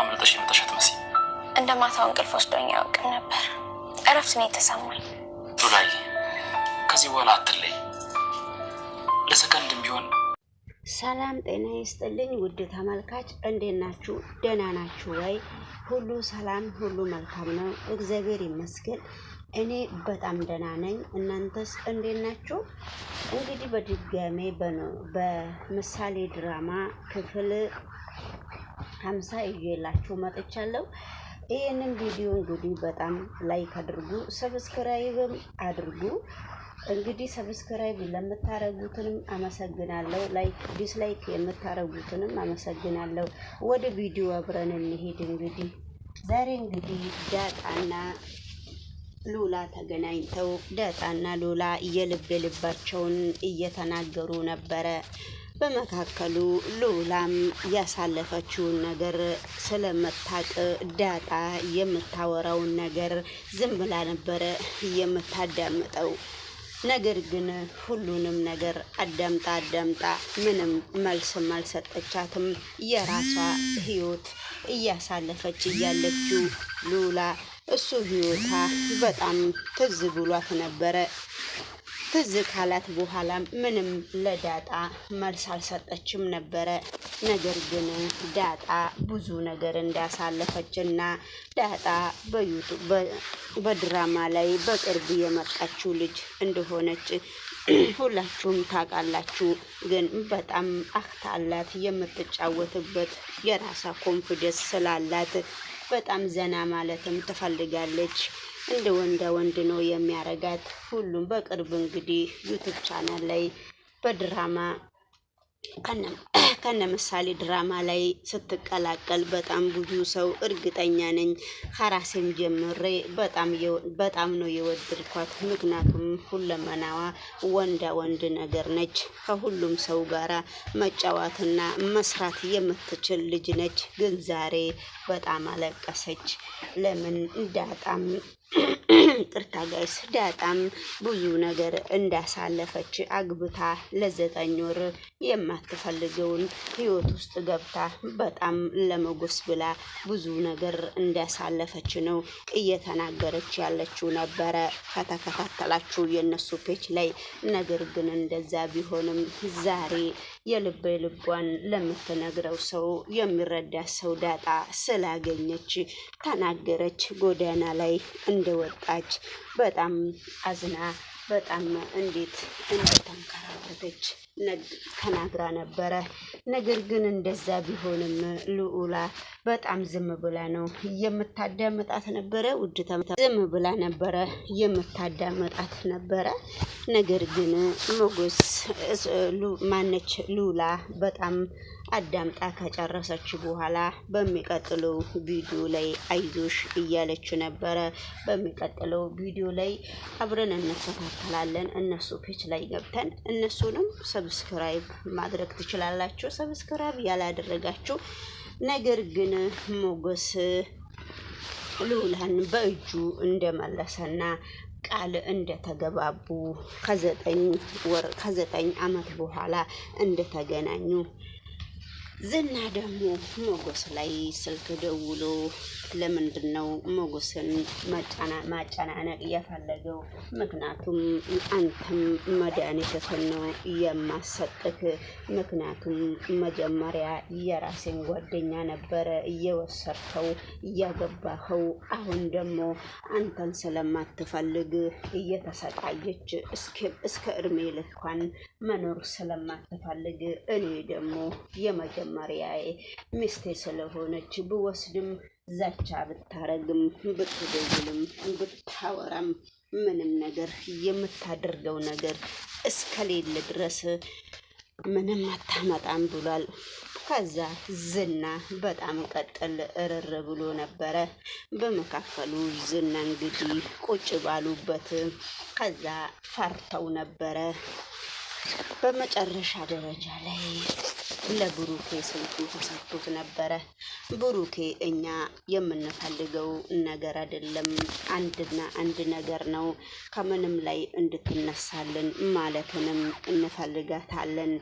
አምልጠሽ የመጣሻት መሲ? እንደ ማታው እንቅልፍ ወስዶኝ አያውቅም ነበር። እረፍት ነው የተሰማኝ። ቱላይ ከዚህ በኋላ አትለይ ለሰከንድም ቢሆን። ሰላም ጤና ይስጥልኝ ውድ ተመልካች፣ እንዴት ናችሁ? ደህና ናችሁ ወይ? ሁሉ ሰላም፣ ሁሉ መልካም ነው፣ እግዚአብሔር ይመስገን። እኔ በጣም ደህና ነኝ። እናንተስ እንዴት ናችሁ? እንግዲህ በድጋሜ በምሳሌ ድራማ ክፍል ሀምሳ እየላችሁ መጥቻለሁ። ይህንን ቪዲዮ እንግዲህ በጣም ላይክ አድርጉ፣ ሰብስክራይብም አድርጉ። እንግዲህ ሰብስክራይብ ለምታረጉትንም አመሰግናለሁ። ላይክ ዲስላይክ የምታረጉትንም አመሰግናለሁ። ወደ ቪዲዮ አብረን እንሄድ። እንግዲህ ዛሬ እንግዲህ ዳጣና ሉላ ተገናኝተው ዳጣና ሉላ የልብ ልባቸውን እየተናገሩ ነበረ። በመካከሉ ሉላም ያሳለፈችውን ነገር ስለመታቅ ዳጣ የምታወራውን ነገር ዝም ብላ ነበረ የምታዳምጠው። ነገር ግን ሁሉንም ነገር አዳምጣ አዳምጣ ምንም መልስም አልሰጠቻትም። የራሷ ህይወት እያሳለፈች እያለችው ሉላ እሱ ህይወታ በጣም ትዝ ብሏት ነበረ። ትዝ ካላት በኋላ ምንም ለዳጣ መልስ አልሰጠችም ነበረ። ነገር ግን ዳጣ ብዙ ነገር እንዳሳለፈች እና ዳጣ በድራማ ላይ በቅርብ የመጣችው ልጅ እንደሆነች ሁላችሁም ታውቃላችሁ። ግን በጣም አክታላት የምትጫወትበት የራሳ ኮንፊደንስ ስላላት በጣም ዘና ማለትም ትፈልጋለች። እንደ ወንደ ወንድ ነው የሚያረጋት። ሁሉም በቅርብ እንግዲህ ዩቱብ ቻናል ላይ በድራማ ከነ ምሳሌ ድራማ ላይ ስትቀላቀል በጣም ብዙ ሰው እርግጠኛ ነኝ ከራሴም ጀምሬ በጣም ነው የወደድኳት። ምክንያቱም ሁለመናዋ ወንዳ ወንድ ነገር ነች። ከሁሉም ሰው ጋራ መጫወትና መስራት የምትችል ልጅ ነች። ግን ዛሬ በጣም አለቀሰች። ለምን እንዳጣም ቅርታ ጋይስ ዳጣም ብዙ ነገር እንዳሳለፈች አግብታ ለዘጠኝ ወር የማትፈልገውን ህይወት ውስጥ ገብታ በጣም ለመጎስ ብላ ብዙ ነገር እንዳሳለፈች ነው እየተናገረች ያለችው ነበረ ከተከታተላችሁ የእነሱ ፔች ላይ። ነገር ግን እንደዛ ቢሆንም ዛሬ የልብ ልቧን ለምትነግረው ሰው የሚረዳ ሰው ዳጣ ስላገኘች ተናገረች። ጎዳና ላይ እንደወጣች በጣም አዝና በጣም እንዴት እንደተንከራተተች ተናግራ ነበረ። ነገር ግን እንደዛ ቢሆንም ልዑላ በጣም ዝም ብላ ነው የምታዳምጣት ነበረ። ውድ ዝም ብላ ነበረ የምታዳምጣት ነበረ። ነገር ግን ሞገስ ማነች ልዑላ በጣም አዳምጣ ከጨረሰች በኋላ በሚቀጥለው ቪዲዮ ላይ አይዞሽ እያለች ነበረ። በሚቀጥለው ቪዲዮ ላይ አብረን እንከታተላለን። እነሱ ፔች ላይ ገብተን እነሱንም ሰብስክራይብ ማድረግ ትችላላችሁ። ሰብስክራይብ ያላደረጋችሁ ነገር ግን ሞገስ ሉላን በእጁ እንደመለሰና ቃል እንደተገባቡ ከዘጠኝ ወር ከዘጠኝ አመት በኋላ እንደተገናኙ ዝና ደግሞ መጎስ ላይ ስልክ ደውሎ ለምንድን ነው ሞገስን ማጨናነቅ እያፈለገው? ምክንያቱም አንተም መድኃኒትህን ነው የማሰጥክ። ምክንያቱም መጀመሪያ የራሴን ጓደኛ ነበረ እየወሰድከው እያገባኸው፣ አሁን ደግሞ አንተን ስለማትፈልግ እየተሰቃየች እስከ እድሜ ልኳን መኖር ስለማትፈልግ እኔ ደግሞ የመጀመ መጀመሪያዬ ሚስቴ ስለሆነች ብወስድም ዛቻ ብታረግም ብትደውልም ብታወራም ምንም ነገር የምታደርገው ነገር እስከሌለ ድረስ ምንም አታመጣም ብሏል። ከዛ ዝና በጣም ቀጠል እርር ብሎ ነበረ። በመካከሉ ዝና እንግዲህ ቁጭ ባሉበት ከዛ ፈርተው ነበረ። በመጨረሻ ደረጃ ላይ ለብሩኬ ስልኩ ተሰጥቶት ነበረ። ብሩኬ እኛ የምንፈልገው ነገር አይደለም፣ አንድና አንድ ነገር ነው። ከምንም ላይ እንድትነሳልን ማለትንም እንፈልጋታለን።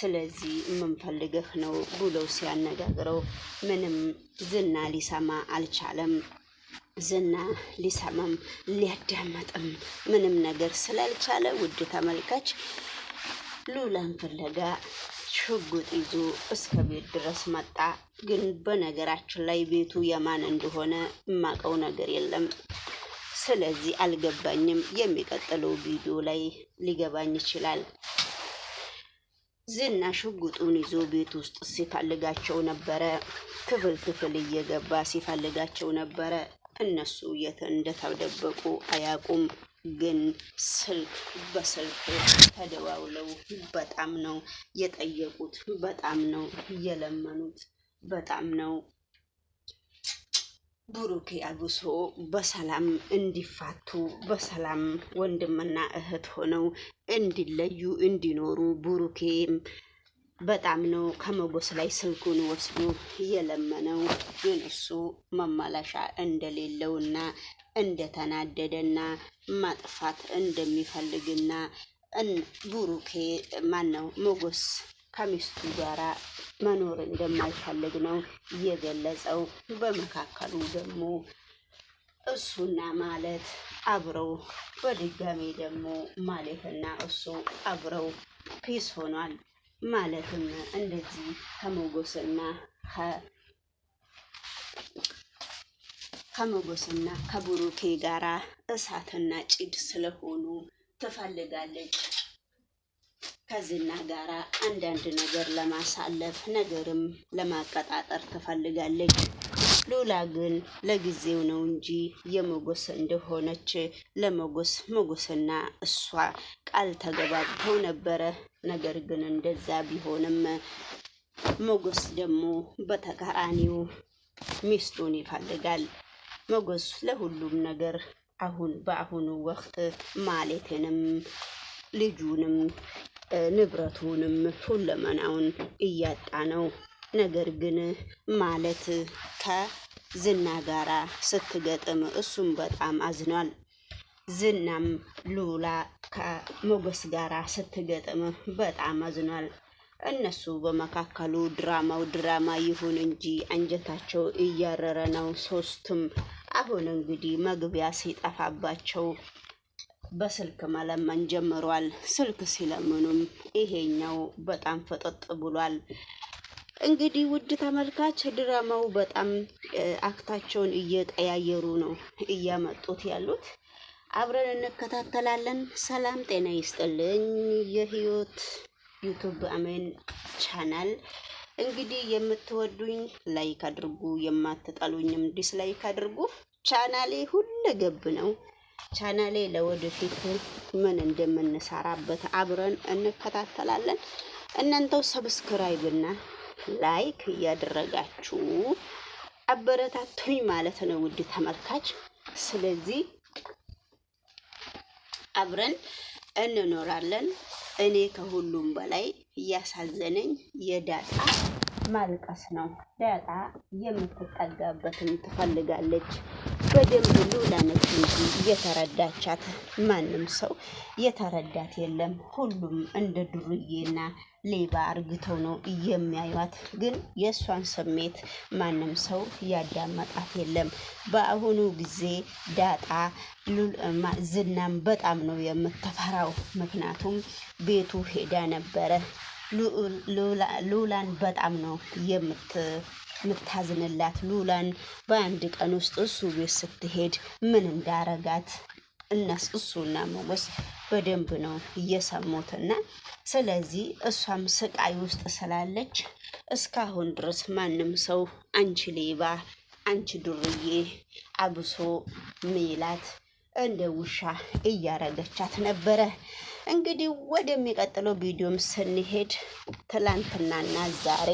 ስለዚህ የምንፈልግህ ነው ብሎ ሲያነጋግረው ምንም ዝና ሊሰማ አልቻለም። ዝና ሊሰማም ሊያዳመጥም ምንም ነገር ስላልቻለ ውድ ተመልካች ሉላን ፍለጋ ሽጉጥ ይዞ እስከ ቤት ድረስ መጣ። ግን በነገራችን ላይ ቤቱ የማን እንደሆነ የማውቀው ነገር የለም። ስለዚህ አልገባኝም። የሚቀጥለው ቪዲዮ ላይ ሊገባኝ ይችላል። ዝና ሽጉጡን ይዞ ቤት ውስጥ ሲፈልጋቸው ነበረ። ክፍል ክፍል እየገባ ሲፈልጋቸው ነበረ። እነሱ የት እንደተደበቁ አያውቁም። ግን ስልክ በስልክ ተደዋውለው በጣም ነው የጠየቁት፣ በጣም ነው የለመኑት፣ በጣም ነው ብሩኬ አብሶ በሰላም እንዲፋቱ በሰላም ወንድምና እህት ሆነው እንዲለዩ እንዲኖሩ ብሩኬ በጣም ነው ከመጎስ ላይ ስልኩን ወስዶ የለመነው ግን እሱ መመለሻ እንደሌለውና እንደተናደደና ማጥፋት እንደሚፈልግና ቡሩኬ ማነው ሞጎስ ከሚስቱ ጋር መኖር እንደማይፈልግ ነው የገለጸው። በመካከሉ ደግሞ እሱና ማለት አብረው በድጋሚ ደግሞ ማለትና እሱ አብረው ፒስ ሆኗል። ማለትም እንደዚህ ከሞጎስና ከሞገስና ከብሩኬ ጋራ እሳትና ጭድ ስለሆኑ ትፈልጋለች ከዝና ጋራ አንዳንድ ነገር ለማሳለፍ ነገርም ለማቀጣጠር ትፈልጋለች። ሉላ ግን ለጊዜው ነው እንጂ የሞገስ እንደሆነች ለሞገስ ሞገስና እሷ ቃል ተገባብተው ነበረ። ነገር ግን እንደዛ ቢሆንም ሞገስ ደግሞ በተቃራኒው ሚስቱን ይፈልጋል። ሞገስ ለሁሉም ነገር አሁን በአሁኑ ወቅት ማለትንም ልጁንም ንብረቱንም ሁለመናውን እያጣ ነው። ነገር ግን ማለት ከዝና ጋራ ስትገጥም እሱም በጣም አዝኗል። ዝናም ሉላ ከሞገስ ጋራ ስትገጥም በጣም አዝኗል። እነሱ በመካከሉ ድራማው ድራማ ይሁን እንጂ አንጀታቸው እያረረ ነው። ሶስቱም አሁን እንግዲህ መግቢያ ሲጠፋባቸው በስልክ መለመን ጀምሯል። ስልክ ሲለምኑም ይሄኛው በጣም ፈጠጥ ብሏል። እንግዲህ ውድ ተመልካች ድራማው በጣም አክታቸውን እየቀያየሩ ነው እያመጡት ያሉት። አብረን እንከታተላለን። ሰላም ጤና ይስጥልኝ የህይወት ዩቱብ አሜን ቻናል እንግዲህ የምትወዱኝ ላይክ አድርጉ፣ የማትጠሉኝም ዲስላይክ አድርጉ። ቻናሌ ሁለ ገብ ነው። ቻናሌ ለወደፊት ምን እንደምንሰራበት አብረን እንከታተላለን። እናንተው ሰብስክራይብና ላይክ እያደረጋችሁ አበረታቱኝ ማለት ነው ውድ ተመልካች። ስለዚህ አብረን እንኖራለን። እኔ ከሁሉም በላይ እያሳዘነኝ የዳጣ ማልቀስ ነው። ዳጣ የምትጠጋበትን ትፈልጋለች። በደንብ ሉላ ነች እንጂ የተረዳቻት ማንም ሰው የተረዳት የለም። ሁሉም እንደ ዱርዬና ሌባ አርግተው ነው የሚያዩት። ግን የእሷን ስሜት ማንም ሰው ያዳመጣት የለም። በአሁኑ ጊዜ ዳጣ ዝናም በጣም ነው የምትፈራው። ምክንያቱም ቤቱ ሄዳ ነበረ። ሉላን በጣም ነው የምት የምታዝንላት ሉላን በአንድ ቀን ውስጥ እሱ ቤት ስትሄድ ምን እንዳረጋት እነሱ እሱና መጎስ በደንብ ነው እየሰሙትና ስለዚህ እሷም ስቃይ ውስጥ ስላለች እስካሁን ድረስ ማንም ሰው አንቺ ሌባ፣ አንቺ ዱርዬ አብሶ ሚላት እንደ ውሻ እያረገቻት ነበረ። እንግዲህ ወደሚቀጥለው ቪዲዮም ስንሄድ ትላንትናና ዛሬ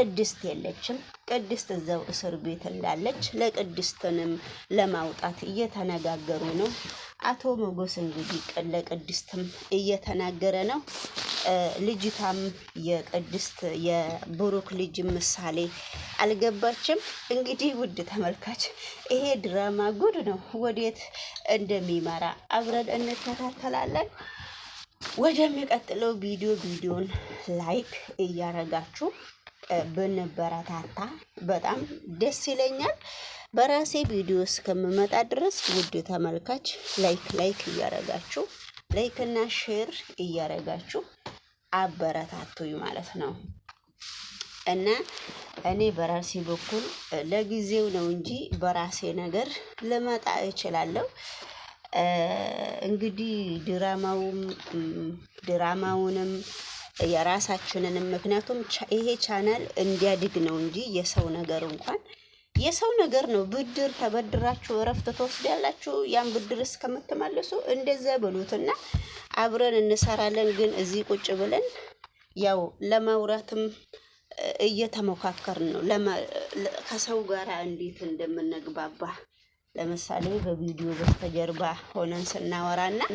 ቅድስት የለችም። ቅድስት እዛው እስር ቤት እንዳለች ለቅድስትንም ለማውጣት እየተነጋገሩ ነው። አቶ መጎስ እንግዲህ ለቅድስትም እየተናገረ ነው። ልጅቷም የቅድስት የብሩክ ልጅ ምሳሌ አልገባችም። እንግዲህ ውድ ተመልካች ይሄ ድራማ ጉድ ነው። ወዴት እንደሚመራ አብረን እንከታተላለን። ወደሚቀጥለው ቪዲዮ ቪዲዮን ላይክ እያረጋችሁ ብንበረታታ በጣም ደስ ይለኛል። በራሴ ቪዲዮ እስከምመጣ ድረስ ውድ ተመልካች ላይክ ላይክ እያረጋችሁ ላይክ እና ሼር እያረጋችሁ አበረታቱኝ ማለት ነው እና እኔ በራሴ በኩል ለጊዜው ነው እንጂ በራሴ ነገር ልመጣ እችላለሁ። እንግዲህ ድራማውም ድራማውንም የራሳችንንም ምክንያቱም ይሄ ቻናል እንዲያድግ ነው እንጂ የሰው ነገር እንኳን የሰው ነገር ነው። ብድር ተበድራችሁ እረፍት ተወስዳላችሁ፣ ያን ብድር እስከምትመልሱ እንደዚያ ብሉትና አብረን እንሰራለን። ግን እዚህ ቁጭ ብለን ያው ለማውራትም እየተሞካከርን ነው ከሰው ጋር እንዴት እንደምንግባባ ለምሳሌ በቪዲዮ በስተጀርባ ሆነን ስናወራና